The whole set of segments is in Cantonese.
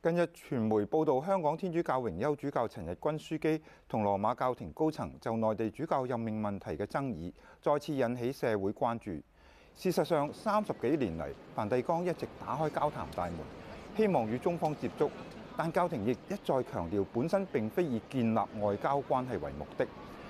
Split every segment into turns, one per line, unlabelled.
近日傳媒報道，香港天主教榮休主教陳日君樞機同羅馬教廷高層就內地主教任命問題嘅爭議，再次引起社會關注。事實上，三十幾年嚟，梵蒂岡一直打開交談大門，希望與中方接觸，但教廷亦一再強調，本身並非以建立外交關係為目的。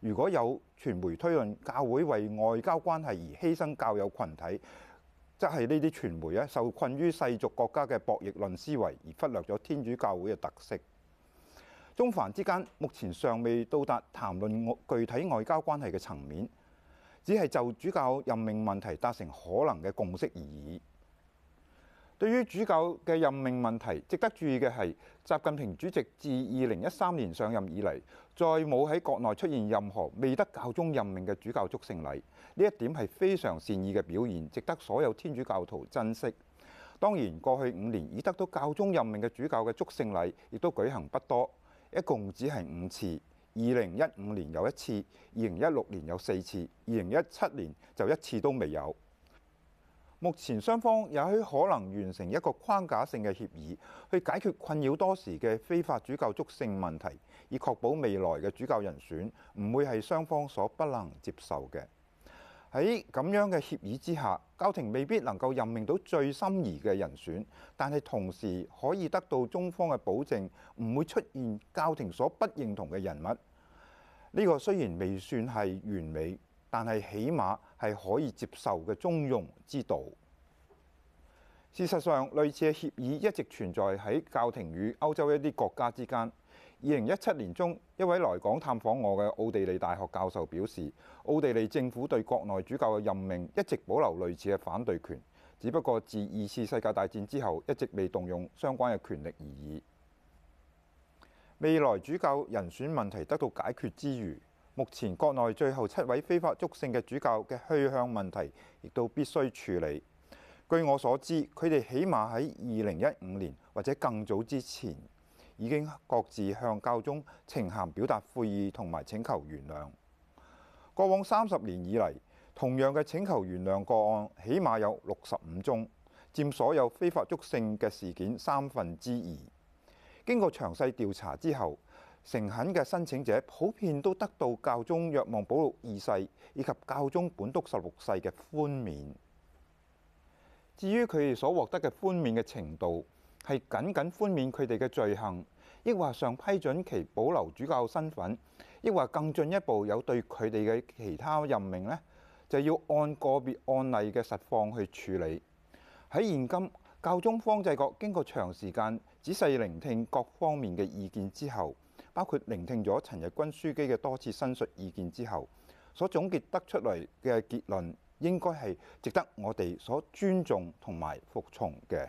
如果有傳媒推論教會為外交關係而犧牲教友群體，則係呢啲傳媒咧受困於世俗國家嘅博弈論思維，而忽略咗天主教會嘅特色。中梵之間目前尚未到達談論具體外交關係嘅層面，只係就主教任命問題達成可能嘅共識而已。對於主教嘅任命問題，值得注意嘅係，習近平主席自二零一三年上任以嚟，再冇喺國內出現任何未得教宗任命嘅主教祝聖禮。呢一點係非常善意嘅表現，值得所有天主教徒珍惜。當然，過去五年已得到教宗任命嘅主教嘅祝聖禮，亦都舉行不多，一共只係五次。二零一五年有一次，二零一六年有四次，二零一七年就一次都未有。目前雙方也許可能完成一個框架性嘅協議，去解決困擾多時嘅非法主教祝聖問題，以確保未來嘅主教人選唔會係雙方所不能接受嘅。喺咁樣嘅協議之下，教廷未必能夠任命到最心儀嘅人選，但係同時可以得到中方嘅保證，唔會出現教廷所不認同嘅人物。呢個雖然未算係完美。但係起碼係可以接受嘅中庸之道。事實上，類似嘅協議一直存在喺教廷與歐洲一啲國家之間。二零一七年中，一位來港探訪我嘅奧地利大學教授表示，奧地利政府對國內主教嘅任命一直保留類似嘅反對權，只不過自二次世界大戰之後一直未動用相關嘅權力而已。未來主教人選問題得到解決之餘，目前國內最後七位非法祝聖嘅主教嘅去向問題，亦都必須處理。據我所知，佢哋起碼喺二零一五年或者更早之前，已經各自向教宗呈函表達悔意同埋請求原諒。過往三十年以嚟，同樣嘅請求原諒個案，起碼有六十五宗，佔所有非法祝聖嘅事件三分之二。經過詳細調查之後，誠懇嘅申請者普遍都得到教宗若望保祿二世以及教宗本篤十六世嘅寬免。至於佢哋所獲得嘅寬免嘅程度，係僅僅寬免佢哋嘅罪行，抑或上批准其保留主教身份，抑或更進一步有對佢哋嘅其他任命呢，就要按個別案例嘅實況去處理。喺現今教宗方濟各經過長時間仔細聆聽各方面嘅意見之後，包括聆聽咗陳日君樞機嘅多次申述意見之後，所總結得出嚟嘅結論，應該係值得我哋所尊重同埋服從嘅。